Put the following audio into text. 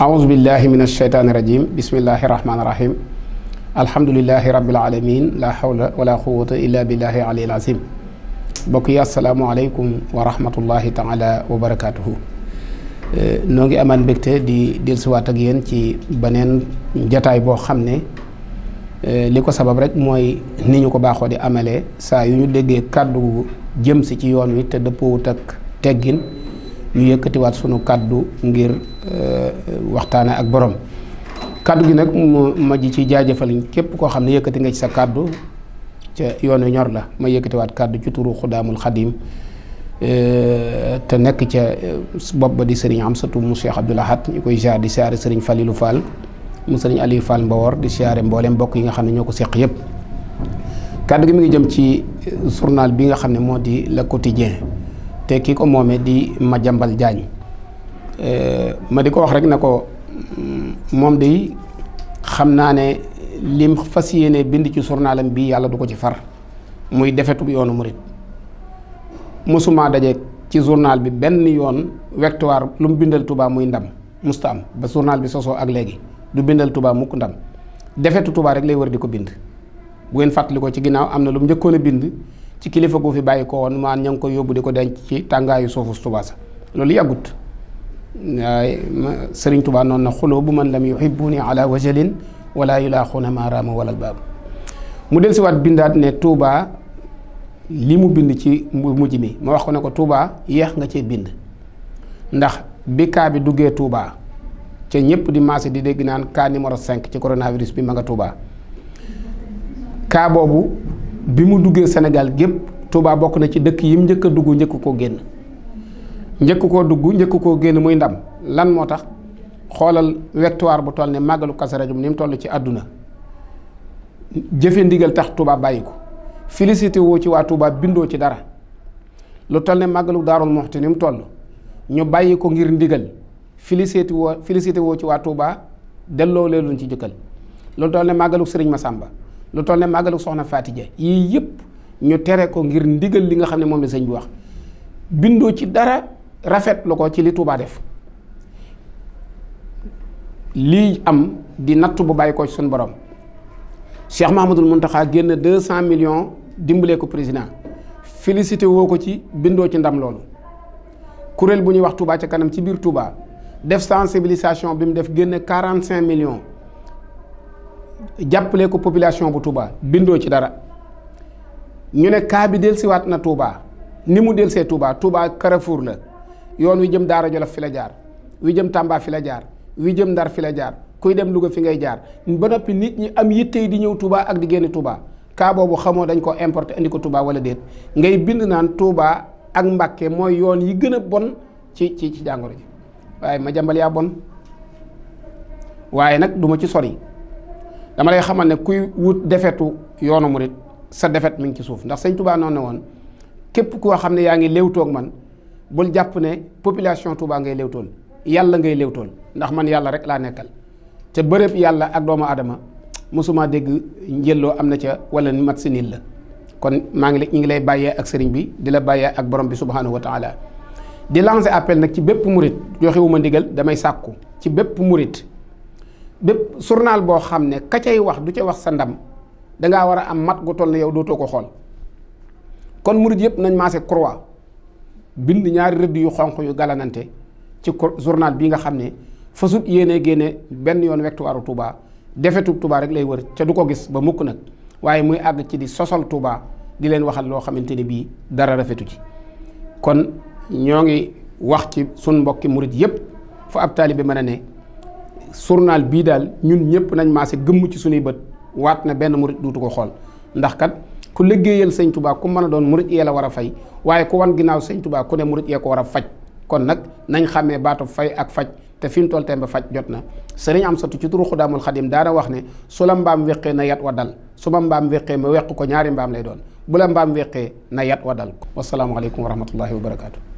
أعوذ بالله من الشيطان الرجيم بسم الله الرحمن الرحيم الحمد لله رب العالمين لا حول ولا قوة إلا بالله العلي العظيم mbokk yi asalaamaaleykum wa rahmatullahi taala eh, noo ngi amaan mbégte di dellusiwaat ak yéen ci beneen jataay boo xam ne eh, li ko sabab rek mooy ni ñu ko baaxoo di amalee saa yu ñu déggee kàddu jëm si ci yoon wi te dëppoowut ak teggin ñu yëkkatiwaat sunu kàddu ngir euh, waxtaane ak borom kàddu gi nag mu ma ji ci jaajëfal képp koo xam ne yëkkati nga ci sa kàddu ca yoonu ñor la ma yëkkatiwaat kàddu ci turu xudaamul xadim euh, te nekk ca euh, bopp ba di sëriñ Amsatu mu Cheikh Abdoul Ahad ñu koy jaar di siyaare sëriñ Falilou Fall mu sëriñ Aliou Fall Mbawor di siyaare mboolem mbokk yi nga xam ne ñoo ko seq yëpp kàddu gi mi ngi jëm ci journal bi nga xam ne moo di Le Quotidien te ki ko moomee di Madiambal Diagne eh, ma di ko wax rek na ko mm, moom day xam naa ne lim fas yéene bind ci journalam bii yàlla du ko ci far muy defetu yoonu murit mosuma daje ci journal bi benn yoon wektuwaar lu mu bindal Touba muy ndam musta am ba journal bi sosoo ak léegi du bindal Touba mukk ndam defetu Touba rek lay war di ko bind bu ngeen fàttali ci ginnaaw am na lu mu njëkkoon a bind ci kilifa gu fi bàyyi ko woon maan ña ngi koy yóbbu di ko denc ci tàngaayu suufu Tuubaa sa loolu yàggut waaye sëriñ Tuubaa noon na xuloo bu man lam yuhibbuni ala wajalin wala yulaaxuuna maaraama walal baabu mu del siwaat bindaat ne Tuubaa li mu bind ci mujj mi ma wax ko ne ko Tuubaa yeex nga cee bind ndax bi kaa bi duggee Tuubaa ca ñëpp di maase di dégg naan cas numéro 5 ci coronavirus bi ma nga Tuubaa cas boobu bi mu duggee Sénégal gépp Touba bokk na ci dëkk yim njëkk a dugg njëkk koo génn njëkk koo dugg njëkk koo génn muy ndam lan moo tax xoolal wectuwaar bu toll ne màggalu Kazu Rajab ni mu toll ci àdduna jëfe ndigal tax Touba bàyyi ko félicité ci waa Touba bindoo ci dara lu toll ne màggalu Daarul Muxti ni mu toll ñu bàyyi ko ngir ndigal félicité woo félicité woo ci waa Touba delloo leen luñ ci jëkkal lu toll ne màggalu Sëriñ Masamba lu toll ne màggalu soxna faatije yii yëpp ñu tere ko ngir ndigal li nga xam ne moom la sëñ bi wax bindoo ci dara rafet lu ko ci li Tuubaa def lii am di natt bu bàyyi ko ci suñu borom Cheikh Mahamadul Muntaxa génn deux cent millions dimbalee ko président félicité woo ko ci bindoo ci ndam loolu kuréel bu ñuy wax Touba ci kanam ci biir Touba def sensibilisation bi mu def génn quarante cinq millions jàppale ko population bu Touba bindoo ci dara ñu ne kaa bi dellusiwaat na tuubaa ni mu dellusee Touba Touba Carrefour la yoon wi jëm Daara Jolof fi la jaar wi jëm Tamba fi la jaar wi jëm Ndar fi la jaar kuy dem Louga fi ngay jaar ba noppi nit ñi am yitte di ñëw Touba ak di génne Touba kaa boobu xamoo dañ ko importer indi ko Touba wala déet ngay bind naan Touba ak Mbàkke mooy yoon yi gën a bon ci ci ci jàngoro ji waaye ma jàmbal yaa bon waaye nag duma ci sori. dama lay xamal ne kuy wut defetu yoonu murit sa defet mi ngi ci suuf ndax sëñ Touba noonu ne woon képp koo xam ne yaa ngi léewtoog man bul jàpp ne population Touba ngay léewtool yàlla ngay léewtool ndax man yàlla rek laa nekkal te bërëb yàlla ak doomu aadama mosuma dégg njëlloo am na ca wala mat si niil la kon maa ngi ñu ngi lay bàyyee ak sëriñ bi di la bàyyee ak borom bi subhanahu wa taala di lancer appel nag ci bépp murit joxewuma ndigal damay sàkku ci bépp murit bépp journal boo xam ne ka cay wax du ca wax sa ndam dangaa war a am mat gu toll ne yow dootoo ko xool kon murid yëpp nañ maase croix bind ñaari rëdd yu xonq yu galanante ci journal bi nga xam ne fasut yéene génne benn yoon wektuwaaru Touba defetu Touba rek lay wër ca du ko gis ba mukk nag waaye muy àgg ci di sosol Touba di leen waxal loo xamante ni bii dara rafetu ci kon ñoo ngi wax ci sun mbokki murid yëpp fu ab taalibe mën a ne journal bii daal ñun ñëpp nañ maase gëmm ci suñuy bët waat na benn murit duutu ko xool ndax kat ku liggéeyal sëñ tubaa ku man a doon murit yee la war a fay waaye ku wan ginnaaw sëñ tubaa ku ne murit yee ko war a faj kon nag nañ xàmmee baatu fay ak faj te fi mu toll tembe faj jot na sëriñ am satu ci turu xudaamul xadim daana wax ne su la mbaam weqee na yat wa dal su ma mbaam weqee ma weq ko ñaari mbaam lay doon bu la mbaam weqee na yat wa dal wasalaamualeykum wa rahmatullahi wa barakaatu.